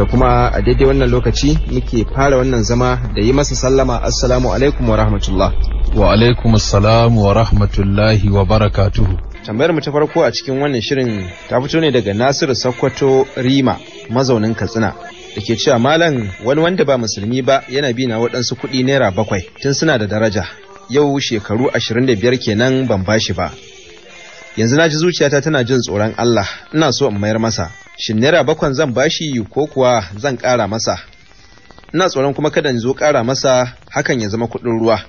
da kuma a daidai wannan lokaci muke fara wannan zama da yi masa sallama assalamu alaikum wa rahmatullah wa alaikum assalam wa rahmatullahi wa barakatuhu tambayar mu ta farko a cikin wannan shirin ta fito ne daga Nasiru Sakkwato Rima mazaunin Katsina da ke cewa malam wani wanda ba musulmi ba yana bi na waɗansu kuɗi naira bakwai tun suna da daraja yau shekaru ashirin da biyar kenan ban bashi ba yanzu na ji zuciyata tana jin tsoron Allah ina so in mayar masa shin naira bakwan zan bashi ko kuwa zan ƙara masa ina tsoron kuma kada in zo ƙara masa hakan ya zama kuɗin ruwa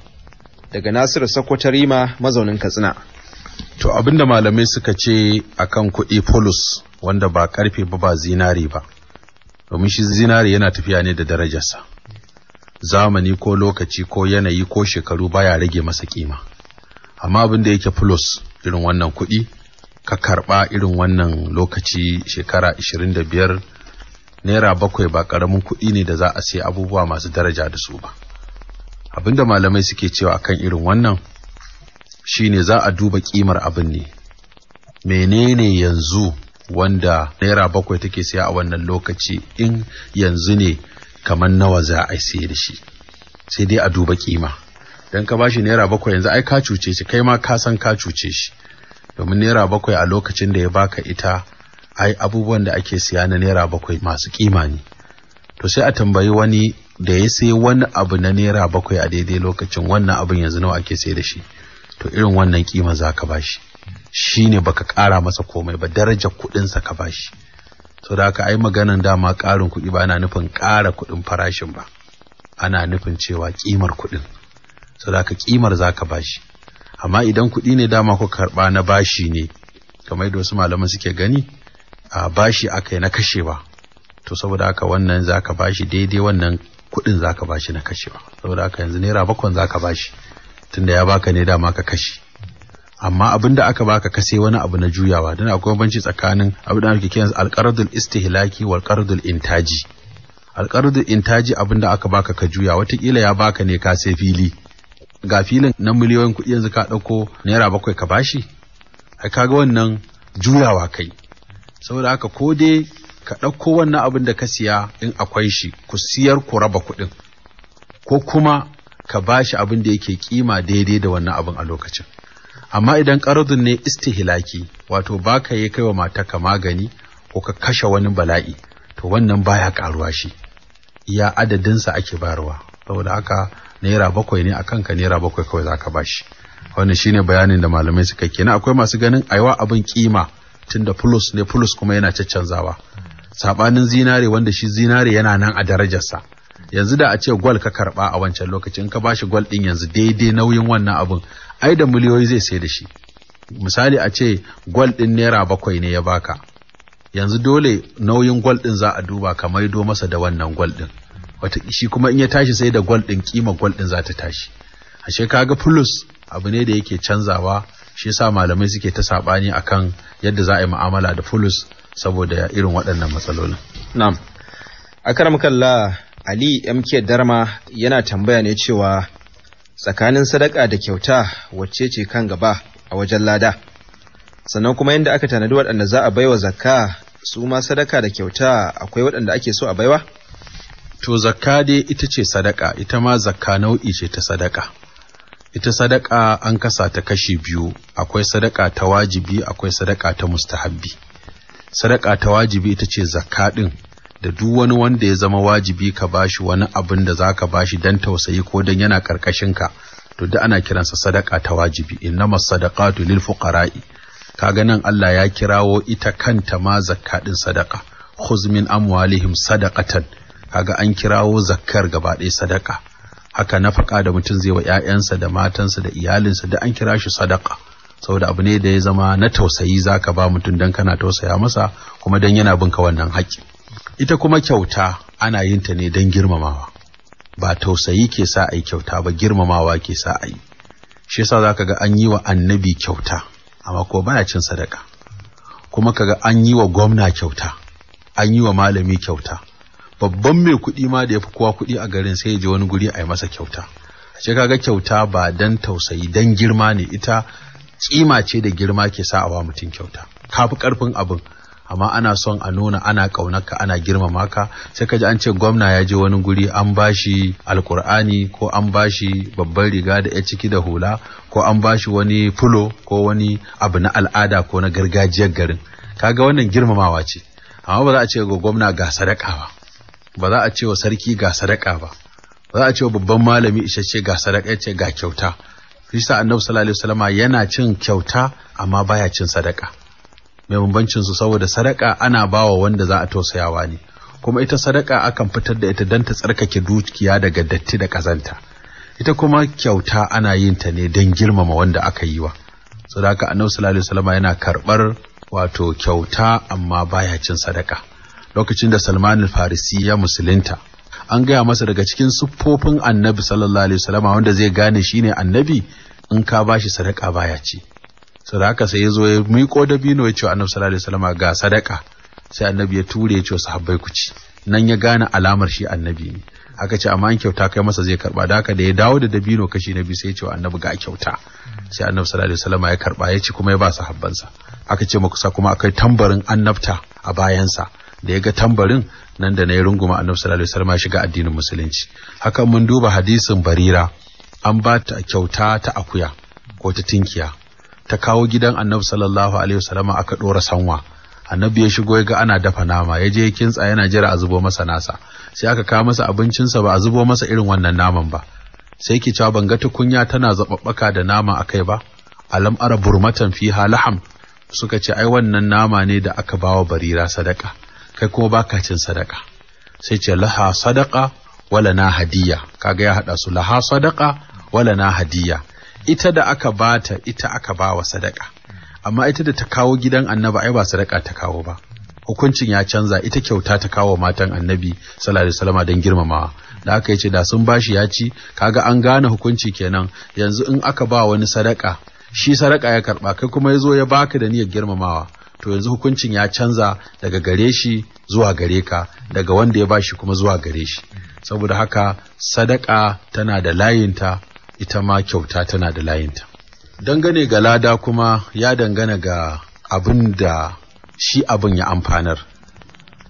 daga nasiru sakwatarima mazaunin katsina to abinda malamai suka ce akan kuɗi fulus wanda ba karfe ba ba zinari ba domin shi zinari yana tafiya ne da darajarsa zamani ko lokaci ko yanayi ko shekaru baya rage masa kima amma abinda da yake polus irin wannan kuɗi ka karba irin wannan lokaci shekara 25 naira bakwai ba karamin kuɗi ne da za a sai abubuwa masu daraja da su ba abinda malamai suke cewa akan irin wannan shine za a duba kimar abin ne menene yanzu wanda naira bakwai take siya a wannan lokaci in yanzu ne kamar nawa za a siye da shi sai dai a duba kima Don ka bashi naira bakwai yanzu ai ka cuce shi kai ma ka san ka cuce shi domin naira bakwai a lokacin da ya baka ita ai abubuwan da ake siya na naira bakwai masu kima ne to sai a tambayi wani da ya sai wani abu na naira bakwai a daidai lokacin wannan abin yanzu nawa ake sai da shi to irin wannan kima za ka bashi shi ne baka ƙara masa komai ba darajar sa ka bashi to da haka ai maganan dama ƙarin kuɗi ba ana nufin ƙara kuɗin farashin ba ana nufin cewa kimar kuɗin so da haka kimar za ka bashi amma idan kuɗi ne dama ku karɓa na bashi ne kamar da wasu malaman suke gani a bashi aka yi na kashewa to saboda haka wannan zaka bashi daidai wannan kuɗin zaka bashi na kashewa saboda haka yanzu naira bakon zaka bashi tunda ya baka ne dama ka kashe amma abin da aka baka kase wani abu na juyawa don akwai banci tsakanin abin da ake kiran alqardul istihlaki wal qardul intaji alqardul intaji abin da aka baka ka juya watakila ya baka ne ka sai fili ga filin na miliyoyin kuɗi yanzu ka ɗauko naira bakwai ka bashi ai ga wannan juyawa kai saboda haka ko dai ka ɗauko wannan abin da ka siya in akwai shi ku siyar ku raba kuɗin ko kuma ka bashi abin da yake kima daidai da wannan abin a lokacin amma idan ƙaradun ne istihilaki wato baka yi kai wa ka magani ko ka kashe wani bala'i to wannan baya karuwa shi iya adadinsa ake bayarwa saboda haka naira bakwai ne a kanka naira bakwai kawai za ka shi wannan ne bayanin da malamai suka ke na akwai masu ganin aiwa abin kima tun da plus ne plus kuma yana caccanzawa sabanin zinare wanda shi zinare yana nan a darajarsa yanzu da a ce gwal ka karɓa a wancan lokacin ka bashi gwal din yanzu daidai nauyin wannan abin ai da miliyoyi zai sai da shi misali a ce gwal din naira bakwai ne ya baka yanzu dole nauyin gwal din za a duba ka maido masa da wannan gwal din wata shi kuma in ya tashi sai da gwal din kima gwal din za ta tashi ashe kaga plus abu ne da yake canzawa shi yasa malamai suke ta sabani akan yadda za a yi mu'amala da fulus saboda irin waɗannan matsalolin na'am karam kalla ali mk darma yana tambaya ne cewa tsakanin sadaka da kyauta wacce ce kan gaba a wajen lada sannan kuma yadda aka tanadi waɗanda za a baiwa zakka su ma sadaka da kyauta akwai waɗanda ake so a baiwa to zakka dai ita ce sadaka ita ma zakka nau'i ce ta sadaka ita sadaka an kasa ta kashi biyu akwai sadaka ta wajibi akwai sadaka ta mustahabbi sadaka ta wajibi ita ce zakka din da duk wani wanda ya zama wajibi ka bashi wani abin da zaka bashi dan tausayi ko dan yana karkashin ka to duk ana kiransa sadaka ta wajibi innama sadaqatu lil fuqara'i kaga nan Allah ya kirawo ita kanta ma zakka din sadaka khuz min amwalihim sadaqatan kaga an kirawo zakkar gaba ɗaya sadaka haka nafaka da mutum zai wa ƴaƴansa da matansa da iyalinsa da an kira shi sadaka saboda abu ne da ya zama na tausayi zaka ba mutum dan kana tausaya masa kuma dan yana binka wannan haƙƙi ita kuma kyauta ana yin ta ne dan girmamawa ba tausayi ke sa ai kyauta ba girmamawa ke sa ai shi yasa zaka ga an yi wa annabi kyauta amma ko baya cin sadaka kuma kaga an yi wa gwamna kyauta an yi wa malami kyauta babban mai kuɗi ma da ya fi kowa kuɗi a garin sai ya je wani guri a yi masa kyauta ce kaga kyauta ba dan tausayi dan girma ne ita kima ce da girma ke sa ba mutum kyauta kafi karfin abin amma ana son a nuna ana kaunarka ana girmama ka sai ka ji an ce gwamna ya je wani guri an bashi alkur'ani ko an bashi babban riga da ya ciki da hula ko an bashi wani fulo ko wani abu na al'ada ko na gargajiyar garin kaga wannan girmamawa ce amma ba za a ce ga gwamna ga sadaka ba ba za a ce wa sarki ga sadaka ba ba za a ce wa babban malami isasshe ga sadaka ce ga kyauta Isa annabi sallallahu alaihi wasallama yana cin kyauta amma baya cin sadaka mai bambancin su saboda sadaka ana bawa wanda za a tausayawa ne kuma ita sadaka akan fitar da ita dan ta tsarkake dukiya daga datti da kazanta ita kuma kyauta ana yin ta ne dan girmama wanda aka yi wa sadaka annabi sallallahu alaihi wasallama yana karbar wato kyauta amma baya cin sadaka lokacin da Salman al-Farisi ya musulunta an gaya masa daga cikin siffofin annabi sallallahu alaihi wasallam wanda zai gane shine annabi in ka bashi sadaka baya ci sadaka sai yazo ya miƙo dabino ya ce annabi sallallahu alaihi wasallam ga sadaka sai annabi ya ture ya ce sahabbai ku ci nan ya gane alamar shi annabi ne aka ce amma an kyauta kai masa zai karba da haka da ya dawo da dabino kashi na biyu sai ya ce annabi ga kyauta sai annabi sallallahu alaihi wasallam ya karba ya ci kuma ya ba sahabbansa aka ce makusa kuma akai tambarin annabta a bayansa da ya ga tambarin nan da na yi runguma annabi sallallahu alaihi wasallam shiga addinin musulunci hakan mun duba hadisin barira an ba ta kyauta ta akuya ko ta tinkiya ta kawo gidan annabi sallallahu alaihi wasallam aka dora sanwa annabi ya shigo ya ga ana dafa nama ya je kintsa yana jira a zubo masa nasa sai aka kawo masa abincinsa ba a zubo masa irin wannan naman ba sai ki cewa ban ga tukunya tana zababbaka da nama akai ba alam ara burmatan fiha laham suka ce ai wannan nama ne da aka bawa barira sadaka kai kuma baka cin sadaka sai ce laha sadaka wala na hadiya kaga ya hada su laha sadaka wala na hadiya ita da aka bata ita aka bawa sadaka amma ita da ta kawo gidan annabi ai ba sadaka ta kawo ba hukuncin ya canza ita kyauta ta kawo matan annabi sallallahu alaihi wasallam don girmamawa da aka yace da sun bashi ya ci kaga an gane hukunci kenan yanzu in aka ba wani sadaka shi sadaka ya karba kai kuma yazo ya baka da niyyar girmamawa to yanzu hukuncin ya canza daga gare shi zuwa gare ka daga wanda ya bashi kuma zuwa gare shi saboda haka sadaka tana da layinta ita ma kyauta tana da layinta dangane ga lada kuma ya dangana ga abin da shi abin ya amfanar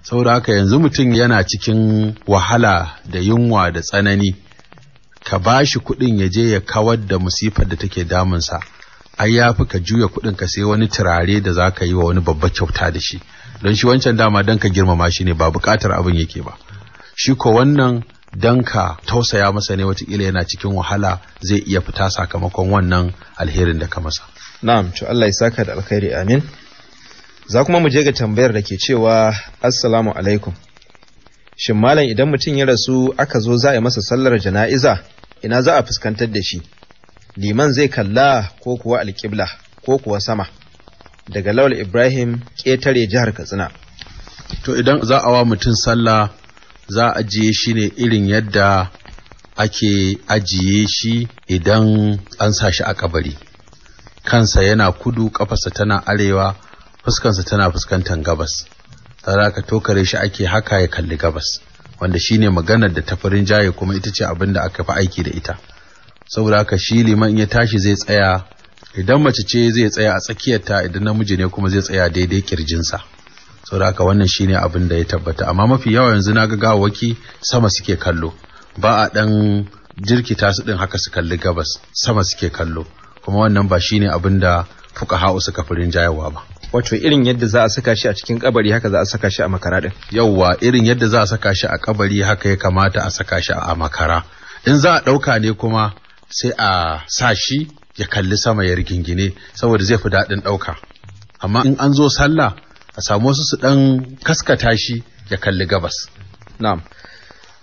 saboda haka yanzu mutum yana cikin wahala da yunwa da tsanani ka bashi kudin kuɗin ya je ya kawar da musifar da take damunsa ai ya fi ka juya kuɗin ka sai wani turare da za ka yi wa wani babba kyauta da shi don shi wancan dama don ka girmama shi ne ba bukatar abin yake ba shi ko wannan don ka tausaya masa ne watakila yana cikin wahala zai iya fita sakamakon wannan alherin da ka masa na'am to Allah ya saka da alkhairi amin za kuma mu je ga tambayar da ke cewa assalamu alaikum shin malam idan mutum ya rasu aka zo za a yi masa sallar jana'iza ina za a fuskantar da shi liman zai kalla ko kuwa alƙibla ko kuwa sama daga lawal ibrahim ƙetare jihar katsina to idan za a wa mutum sallah za a ajiye shi ne irin yadda ake ajiye shi idan an sa shi a kabari kansa yana kudu kafarsa tana arewa fuskansa tana fuskantar gabas tare ka tokare shi ake haka ya kalli gabas wanda shine maganar da tafarin jaye kuma ita ce abin da aka fi aiki da ita saboda haka shi liman ya tashi zai tsaya idan mace ce zai tsaya a tsakiyarta idan namiji ne kuma zai tsaya daidai kirjinsa saboda haka wannan shine abin da ya tabbata amma mafi yawa yanzu na ga gawaki sama suke kallo ba a dan jirkita su din haka su kalli gabas sama suke kallo kuma wannan ba shine abin da ha'u suka firin jayawa ba wato irin yadda za a saka shi a cikin kabari haka za a saka shi a makara din yawwa irin yadda za a saka shi a kabari haka ya kamata a saka shi a makara in za a ɗauka ne kuma sai a sa shi ya kalli sama ya rigingine saboda zai fi daɗin ɗauka amma in an zo sallah a samu wasu su ɗan kaskata shi ya kalli gabas na'am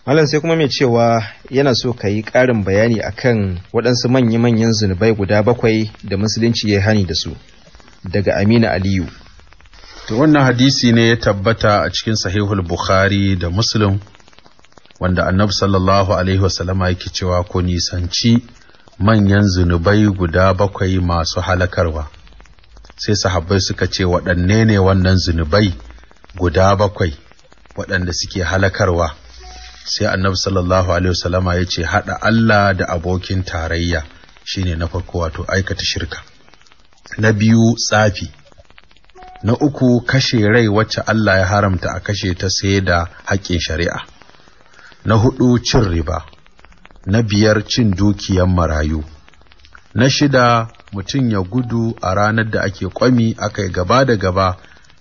malam sai kuma mai cewa yana so ka yi ƙarin bayani akan waɗansu manya-manyan zunubai guda bakwai da musulunci ya hani da su daga amina aliyu to wannan hadisi ne ya tabbata a cikin sahihul bukhari da muslim wanda annabi sallallahu alaihi wasallama yake cewa ko nisanci manyan zunubai guda bakwai masu halakarwa sai sahabbai suka ce waɗanne ne wannan zunubai guda bakwai waɗanda suke halakarwa sai annabi sallallahu alaihi wasallama ya ce haɗa Allah da abokin tarayya shine na farko wato aikata shirka na biyu tsafi na uku kashe rai wacce Allah ya haramta a kashe ta sai da haƙƙin shari'a na huɗu cin riba na biyar cin dukiyan marayu na shida mutum ya gudu a ranar da ake kwami aka gaba da gaba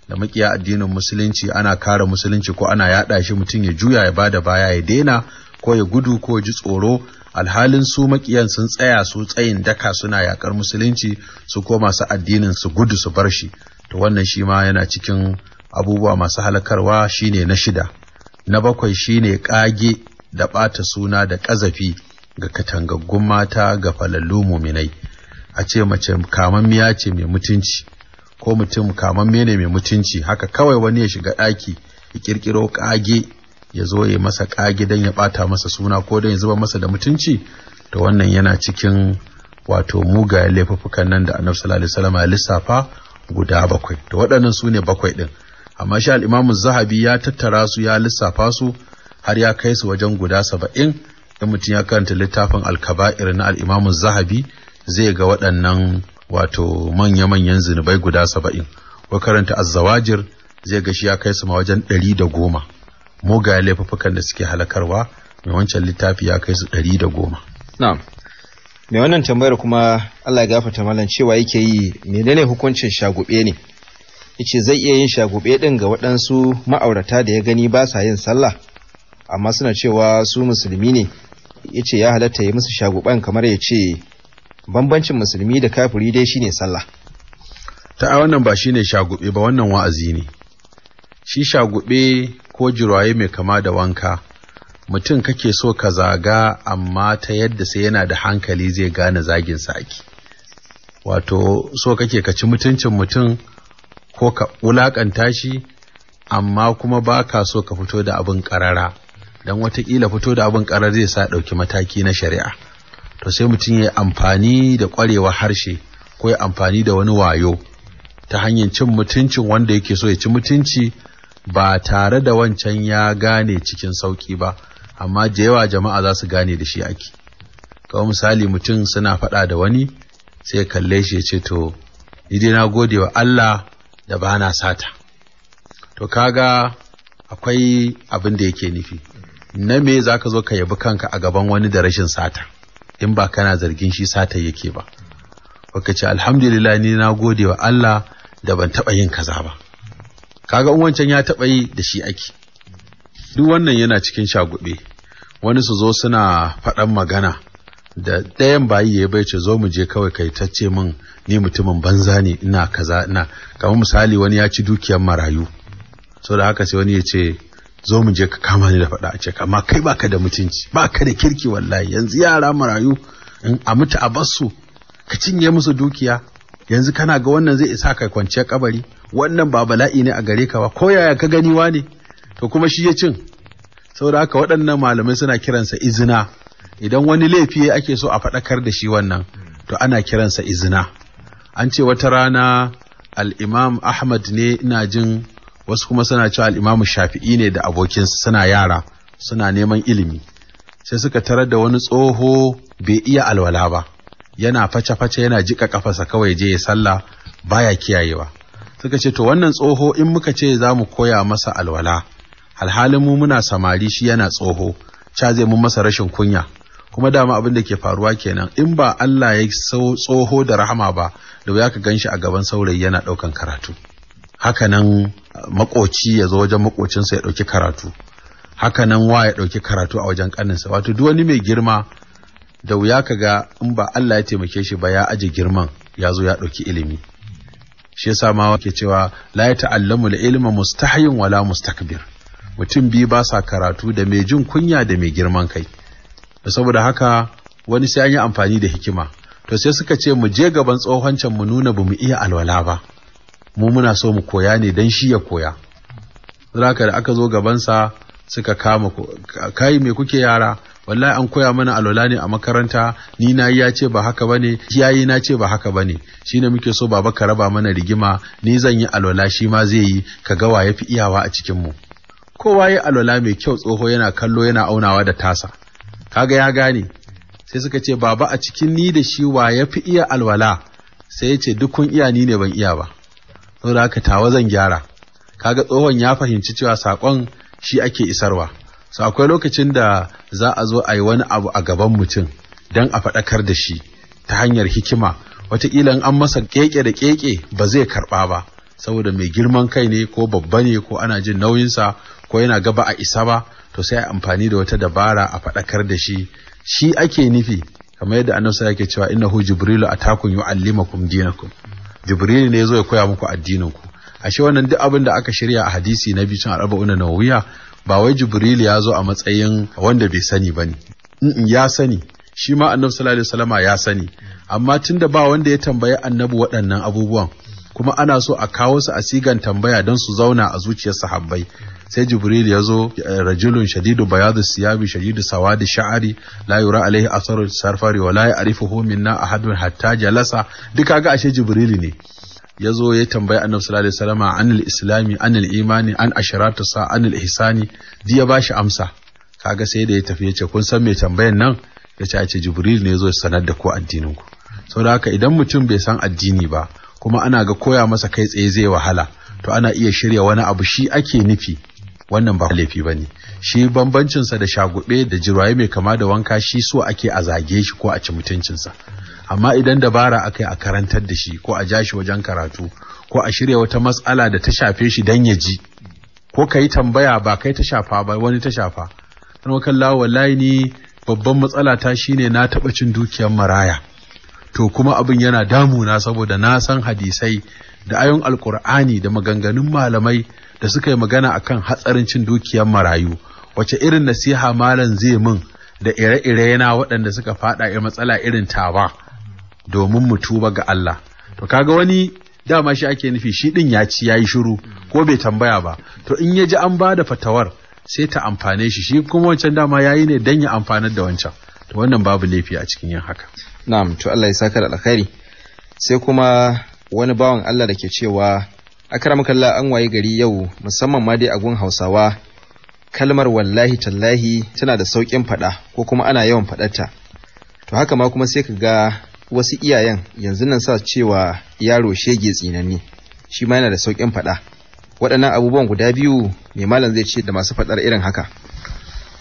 da makiya addinin musulunci ana kare musulunci ko ana yada shi mutum ya juya ya bada baya ya daina ko ya gudu ko ya ji tsoro alhalin su makiyan sun tsaya su tsayin daka suna yakar musulunci su ko masu addinin su gudu su bar shi to wannan shi ma yana cikin abubuwa masu halakarwa shine na shida na bakwai shine kage da ɓata suna da ƙazafi ga katangaggun mata ga falallu muminai a ce mace kamammiya ce mai mutunci ko mutum kamamme ne mai mutunci haka kawai wani ya shiga ɗaki ya ƙirƙiro ƙage ya zo ya masa ƙage don ya ɓata masa suna ko don ya zuba masa da mutunci to wannan yana cikin wato mugayen laifuffukan nan da annabi sallallahu alaihi wasallam ya lissafa guda bakwai to waɗannan su ne bakwai ɗin amma shi al-imamu zahabi ya tattara su ya lissafa su har ya kai su wajen guda saba'in in mutum ya karanta littafin alkaba'ir na al'imamun zahabi zai ga waɗannan wato manya-manyan zunubai guda saba'in ko karanta azzawajir zai ga shi ya kai su ma wajen ɗari da goma mugaye laifukan da suke halakarwa mai wancan littafi ya kai su ɗari da goma. Na'am. Mai wannan tambayar kuma Allah ya gafata malam cewa yake yi menene hukuncin shagube ne? Yace zai iya yin shagube ɗin ga waɗansu ma'aurata da ya gani ba sa yin sallah amma suna cewa su musulmi ne ya ce ya halatta ya musu shaguban kamar ya ce bambancin musulmi da kafiri dai shine sallah ta a wannan ba shine shagube ba wannan wa'azi ne shi shagube ko jirwaye mai kama da wanka mutum kake so ka zaga amma ta yadda sai yana da hankali zai gane zagin ake wato so kake ka ci mutuncin mutum ko ka wulakanta shi amma kuma ba ka so ka fito da abin karara don watakila fito da abin karar zai sa ɗauki mataki na shari'a to sai mutum ya amfani da ƙwarewa harshe ko ya amfani da wani wayo ta hanyar cin mutuncin wanda yake so ya ci mutunci ba tare da wancan ya gane cikin sauƙi ba amma jewa jama'a za su gane da shi ake kawai misali mutum suna faɗa da wani sai kalle shi ya ce to idai na gode wa Allah da bana sata to kaga akwai abin da yake nufi na me za ka zo ka yabi kanka a gaban wani da rashin sata in ba kana zargin shi sata yake ba baka ce alhamdulillah ni na gode wa Allah da ban taɓa yin kaza ba kaga wancan ya taɓa yi da shi ake duk wannan yana cikin shagube wani su zo suna faɗan magana da ɗayan bayi ya bai ce zo mu je kawai kai ta ce min ni mutumin banza ne ina kaza ina kamar misali wani ya ci dukiyar marayu so da haka sai wani ya ce zo mu je ka kama ni da faɗa a ce amma kai baka da mutunci baka da kirki wallahi yanzu yara marayu in a mutu a basu ka cinye musu dukiya yanzu kana ga wannan zai isa kai kwanciyar kabari wannan ba bala'i ne a gare ka ba ko yaya ka gani wa ne? to kuma shi ya cin saboda haka waɗannan malamai suna kiransa izina idan wani laifi ake so a faɗakar da shi wannan to ana kiransa izina an ce wata rana al-imam ahmad ne ina jin wasu kuma suna cewa al'imamu shafi'i ne da abokinsa suna yara suna neman ilimi sai suka tarar da wani tsoho bai iya alwala ba yana face-face yana jika kafarsa kawai je ya sallah baya kiyayewa suka ce to wannan tsoho in muka ce za mu koya masa alwala alhalin mu muna samari shi yana tsoho ca zai mun masa rashin kunya kuma dama abin da ke faruwa kenan in ba Allah ya tsoho da rahama ba da ya ka ganshi a gaban saurayi yana ɗaukan karatu hakanan uh, makoci ya zo wajen makocinsa ya ɗauki karatu hakanan wa ya ɗauki karatu a wajen ƙaninsa wato duk wani mai girma da wuya ka ga in ba Allah ya taimake shi ba ya aje girman ya zo ya ɗauki ilimi shi yasa ma ke cewa la ya ta'allamu la ilma mustahyin wala mustakbir mutum biyu ba sa karatu da mai jin kunya da mai girman kai saboda haka wani sai an yi amfani da hikima to sai suka ce mu je gaban tsohon can mu nuna bamu iya alwala ba mu muna so mu koya ne dan shi ya koya zaka da aka zo gabansa suka kama kai me kuke yara wallahi an koya mana alwala ne a makaranta ni na ya ce ba haka bane yayi na ce ba haka bane shine muke so baba ka raba mana rigima ni zan yi alwala shi ma zai yi ka ga waye fi iyawa a cikin mu kowa ya alwala mai kyau tsoho yana kallo yana aunawa da tasa kaga ya gane sai suka ce baba a cikin ni da shi wa ya iya alwala sai ya ce dukun iyani iya ni ne ban iya ba saboda haka tawa zan gyara kaga tsohon ya fahimci cewa sakon shi ake isarwa so akwai lokacin da za a zo a yi wani abu a gaban mutum don a faɗakar da shi ta hanyar hikima wataƙila an masa keke da keke ba zai karɓa ba saboda mai girman kai ne ko babba ne ko ana jin nauyinsa ko yana gaba a isa ba to sai a amfani da wata dabara a faɗakar da shi shi ake nufi kamar yadda annabi yake cewa innahu jibrilu atakum yu'allimakum dinakum jibril ne zo ya koya muku addinin ku ashe wannan duk abin da aka shirya a hadisi na bicin arba'una nawawiya ba wai jibril ya zo a matsayin wanda bai sani bane ya sani shi ma annabi sallallahu alaihi wasallama ya sani amma tunda ba wanda ya tambayi annabi waɗannan abubuwan kuma ana so a kawo su a sigan tambaya don su zauna a zuciyar sahabbai sai jibril ya zo eh, rajulun shadidu bayadu siyabi shadidu sawadi sha'ari la yura alaihi asaru sarfari wa la ya'rifuhu minna ahadun hatta jalasa duk kaga ashe jibril ne ya zo ya tambaya annabi sallallahu alaihi wasallama anil islami anil imani an asharatu sa anil ihsani di ya bashi amsa kaga sai da ya tafi ya ce kun san me tambayan nan ya ce a ce jibril ne ya zo sanar da ku addinin ku saboda haka idan mutum bai san addini ba kuma ana ga koya masa kai tsaye zai wahala to ana iya shirya wani abu shi ake nufi wannan ba laifi bane shi bambancinsa da shagube da jirwaye mai kama da wanka shi so ake a zage shi ko a ci mutuncinsa amma idan dabara akai a karantar da shi ko a ja shi wajen karatu ko a shirya wata matsala da ta shafe shi dan ya ji ko ka yi tambaya ba kai ta shafa ba wani ta shafa kan wallahi ni babban matsala ta shine na taɓa cin dukiyar maraya to kuma abin yana damuna saboda na san hadisai da ayon alkur'ani da maganganun malamai da suka yi magana akan hatsarin cin dukiyar marayu wace irin nasiha malam zai mun da ire-ire yana waɗanda suka faɗa a matsala irin tawa domin mu tuba ga Allah to kaga wani dama shi ake nufi shi ɗin ya ci yayi shiru ko bai tambaya ba to in ya ji an ba da fatawar sai ta amfane shi shi kuma wancan dama yayi ne dan ya amfanar da wancan to wannan babu laifi a cikin yin haka na'am to Allah ya saka da alkhairi sai kuma wani bawan Allah da ke cewa kalla an waye gari yau musamman ma dai a gun Hausawa kalmar wallahi tallahi tana da sauƙin faɗa ko kuma ana yawan faɗarta to haka ma kuma sai ka ga wasu iyayen yanzu nan sa cewa yaro shege tsinanni shi ma yana da sauƙin faɗa waɗannan abubuwan guda biyu mai malam zai ce da masu faɗar irin haka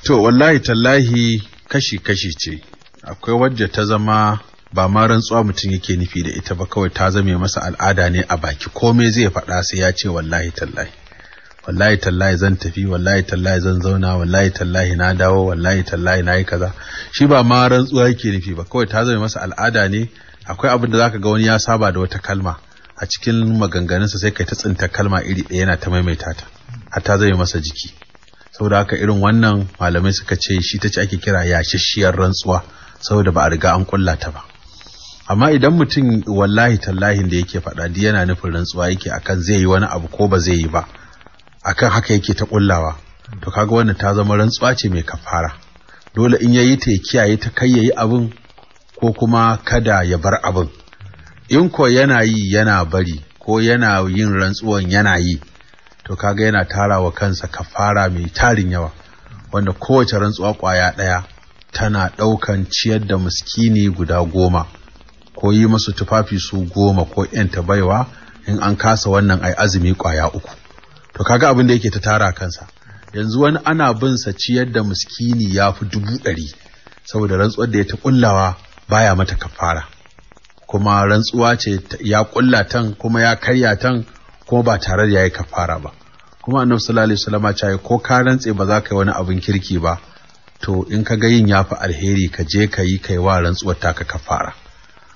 to wallahi tallahi kashi kashi ce akwai wadda ta zama ba ma rantsuwa mutum yake nufi da ita ba kawai ta zame masa al'ada ne a baki komai zai faɗa sai ya ce wallahi tallahi wallahi tallahi zan tafi wallahi tallahi zan zauna wallahi tallahi na dawo wallahi tallahi na yi kaza shi ba ma rantsuwa yake nufi ba kawai ta zame masa al'ada ne akwai abin da zaka ga wani ya saba da wata kalma a cikin maganganunsa sai kai ta tsinta kalma iri ɗaya yana ta maimaita ta har ta zame masa jiki saboda haka irin wannan malamai suka ce shi ta ce ake kira yashishiyar rantsuwa saboda ba a riga an kulla ta ba amma idan mutum wallahi tallahin da yake faɗa duk yana nufin rantsuwa yake akan zai yi wani abu ko ba zai yi ba akan haka yake ta kullawa to kaga wannan ta zama rantsuwa ce mai kafara dole in yayi ta ya kiyaye ta kai yayi abin ko kuma kada ya bar abin in ko yana yi yana bari ko yana yin rantsuwan yana yi to kaga yana tara wa kansa kafara mai tarin yawa wanda kowace rantsuwa kwaya ɗaya tana ɗaukan ciyar da muskini guda goma ko yi masu tufafi su goma ko ta baiwa in an kasa wannan ai azumi kwaya uku to kaga abin da yake ta tara kansa yanzu wani ana bin sa ciyar da muskini ya fi dubu ɗari saboda rantsuwar da ya ta ƙullawa baya mata kafara kuma rantsuwa ce ya ƙulla tan kuma ya karya tan kuma ba tare da ya yi kafara ba kuma annabi sallallahu alaihi wasallam ya ce ko ka rantse ba za ka yi wani abin kirki ba to in ka ga yin ya fi alheri ka je ka yi kai wa rantsuwar taka ka fara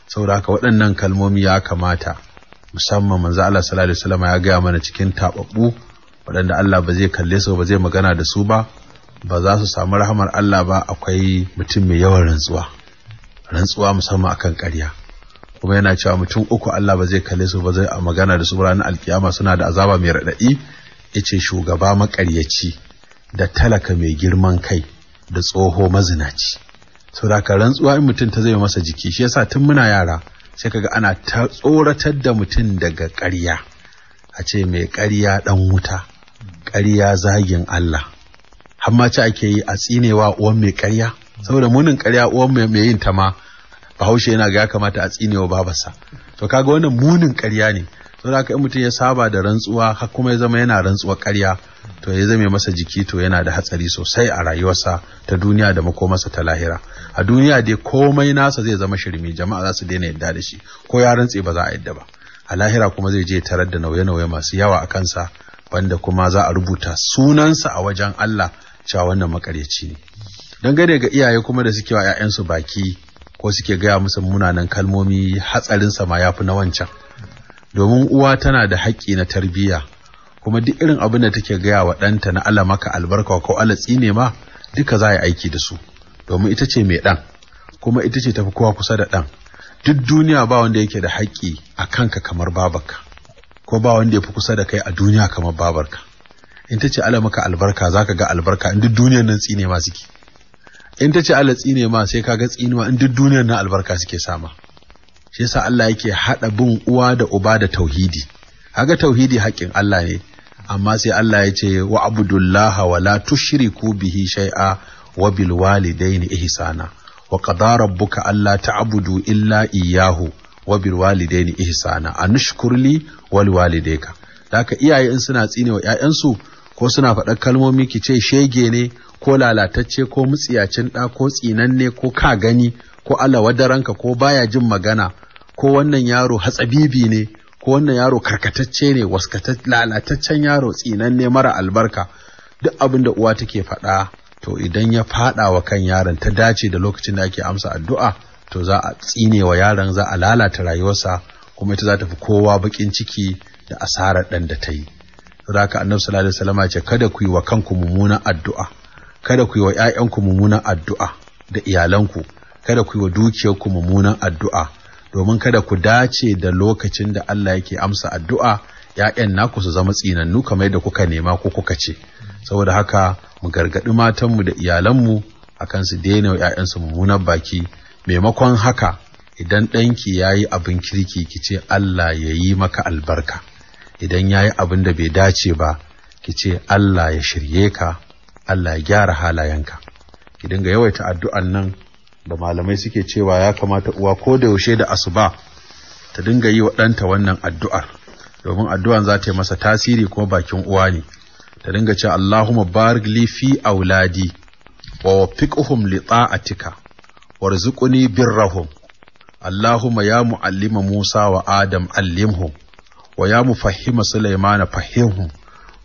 saboda haka waɗannan kalmomi ya kamata musamman manzo Allah sallallahu alaihi wasallam ya gaya mana cikin tababbu waɗanda Allah ba zai kalle su ba zai magana da su ba ba za su samu rahamar Allah ba akwai mutum mai yawan rantsuwa rantsuwa musamman akan ƙarya kuma yana cewa mutum uku Allah ba zai kalle su ba zai magana da su ranar alkiyama suna da azaba mai raɗaɗi yace shugaba maƙaryaci da talaka mai girman kai da tsoho mazinaci da ka rantsuwa in mutum ta zai masa jiki shi yasa tun muna yara sai kaga ana ta tsoratar da mutum daga ƙarya a ce mai ƙarya dan wuta ƙarya zagin Allah har ma ci ake yi a tsinewa uwan mai ƙarya saboda munin ƙarya uwan mai yin ta ma bahaushe yana ga ya kamata a tsinewa babarsa to kaga wannan munin ƙarya ne saboda haka in mutum ya saba da rantsuwa har kuma ya zama yana rantsuwa ƙarya to ya zame masa jiki to yana da hatsari sosai a rayuwarsa ta duniya da makomarsa ta lahira a duniya dai komai nasa zai zama shirme jama'a za su daina yadda da shi ko ya rantse ba za a yadda ba a lahira kuma zai je tarar da nauye-nauye masu yawa a kansa wanda kuma za a rubuta sunansa a wajen Allah cewa wannan makaryaci ne dangane ga iyaye kuma da suke wa 'ya'yansu baki ko suke gaya musu munanan kalmomi hatsarin sama ya fi na wancan domin uwa tana da haƙƙi na tarbiyya kuma duk irin abin da take gaya wa ɗanta na Allah maka albarka ko Allah tsine ma duka za a yi aiki da su domin ita ce mai ɗan kuma ita ce tafi kowa kusa da ɗan duk duniya ba wanda yake da haƙƙi a kanka kamar babarka ko ba wanda ya fi kusa da kai a duniya kamar babarka in ta ce Allah maka albarka za ka ga albarka in duk duniyar nan tsine ma suke in ta ce Allah tsine ma sai ka ga tsinuwa in duk duniyar nan albarka suke sama shi yasa Allah yake haɗa bin uwa da uba da tauhidi haga tauhidi haƙƙin Allah ne amma sai Allah ya ce wa abdullah wa la tushriku bihi shay'a wa bil walidaini ihsana wa qada rabbuka alla ta'budu illa iyyahu wa bil walidaini ihsana anushkurli wal walidayka haka iyaye in suna tsinewa ƴaƴansu ko suna faɗa kalmomi ki ce shege ne ko lalatacce ko mutsiyacin ɗa ko tsinanne ko ka gani ko Allah wadaranka ko baya jin magana ko wannan yaro hatsabibi ne ko wannan yaro karkatacce ne lalataccen yaro tsinanne mara albarka duk abin da uwa take faɗa to idan ya faɗa wa kan yaron ta dace da lokacin da ake amsa addu'a to za a tsine wa yaron za a lalata rayuwarsa kuma ita za ta fi kowa baƙin ciki da asarar ɗan da ta yi zaka annabi sallallahu alaihi wasallam ce kada ku yi wa kanku mummunan addu'a kada ku yi wa ƴaƴanku mummunan addu'a da iyalanku kada ku yi wa dukiyarku mummunan addu'a domin kada ku dace da lokacin da Allah yake amsa addu'a ‘ya'yan naku su zama tsinannu kamar da kuka nema ko kuka ce saboda haka mu gargaɗi matanmu da iyalanmu akan su daina wa ‘ya'yansu mummunan baki maimakon haka idan ɗanki ya yi abin kirki ki ce Allah ya yi maka albarka idan ya yi abin da bai dace ba ki ce Allah ya shirye ka Allah ya gyara halayenka ki dinga yawaita addu'an nan da malamai suke cewa ya kamata uwa ko da yaushe da asuba ta dinga yi wa ɗanta wannan addu'ar domin addu'an za ta yi masa tasiri kuma bakin uwa ne ta dinga cewa Allahumma barik li fi auladi wa wafiqhum li ta'atika warzuqni birrahum Allahumma ya muallima Musa wa Adam allimhu wa ya mufahhima Sulaimana fahimhum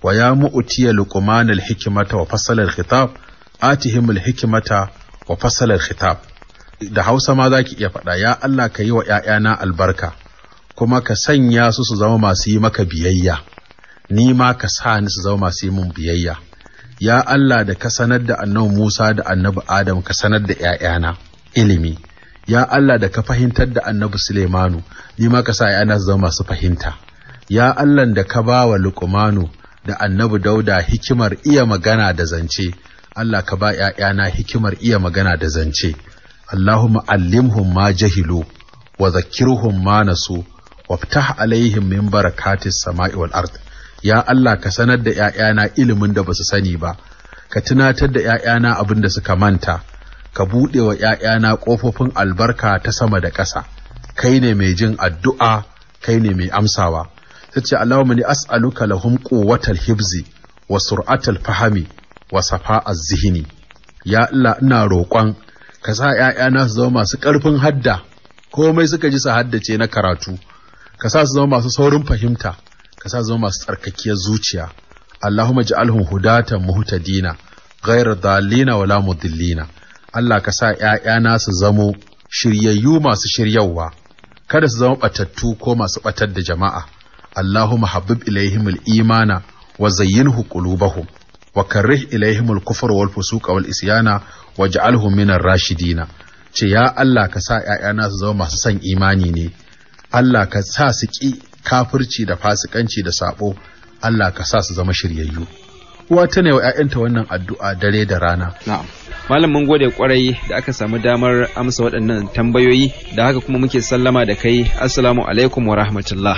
wa ya mu'tiya Luqman al-hikmata wa fasala al-khitab atihim al-hikmata wa fasalar khitab da hausa ma za ki iya faɗa ya Allah ka yi wa ‘ya'yana albarka kuma ka sanya su su zama masu yi maka biyayya ni ma ka sa ni su zama masu yi mun biyayya ya Allah da ka sanar da annabi Musa da annabi Adam ka sanar da ‘ya'yana ilimi ya Allah da ka fahimtar da annabi Suleimanu ni ma ka sa ‘ya'yana su zama masu fahimta ya Allah da ka ba wa Luqmanu da annabi Dauda hikimar iya magana da zance Allah ka ba ‘ya'yana hikimar iya magana da zance, Allahumma allimhum ma jahilu, wa zakirhum ma nasu, wa fitah alaihim min barakatis sama'i wal ard. Ya Allah ka sanar da ‘ya'yana ilimin da basu sani ba, ka tunatar da ‘ya'yana abin da suka manta, ka buɗe wa ‘ya'yana ƙofofin albarka ta sama da ƙasa, kai ne mai jin addu'a, kai ne mai amsawa. Ta ce, Allahumma ni as'aluka lahum quwwatal hibzi wa sur'atal fahami wa safa zihini ya Allah ina roƙon ka sa ‘ya'yana su zama masu ƙarfin hadda komai suka ji su haddace na karatu ka sa su zama masu saurin fahimta ka sa su zama masu tsarkakiyar zuciya Allahumma ja'alhum hudatan muhtadina ghayra dallina wala mudillina Allah ka sa ‘ya'yana su zama shiryayyu masu shiryawa kada su zama ɓatattu ko masu ɓatar da jama'a Allahumma habib ilaihimul imana wa zayyinhu qulubahum wa karrih ilaihim al-kufr wal fusuq wal isyana waj'alhum min ar-rashidina ce ya Allah ka sa ƴaƴana su zama masu son imani ne Allah ka sa su ki kafirci da fasikanci da sabo Allah ka sa su zama shiryayyu uwa ta ne wa ƴaƴanta wannan addu'a dare da rana Malamin malam gode kwarai da aka samu damar amsa waɗannan tambayoyi da haka kuma muke sallama da kai assalamu alaikum wa rahmatullah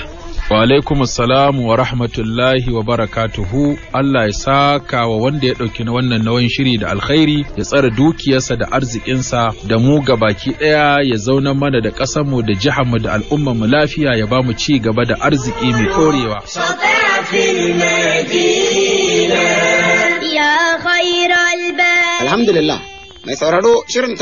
Wa alaikum salam wa rahmatullahi wa barakatuhu Allah ya saka wa wanda ya ɗauki na wannan nawan shiri da alkhairi ya tsara dukiyarsa da arzikinsa da mu ga baki ɗaya ya zauna mana da ƙasarmu da jiharmu da al'ummarmu lafiya ya ba mu ci gaba da arziki mai korewa. Alhamdulillah mai sauraro shirin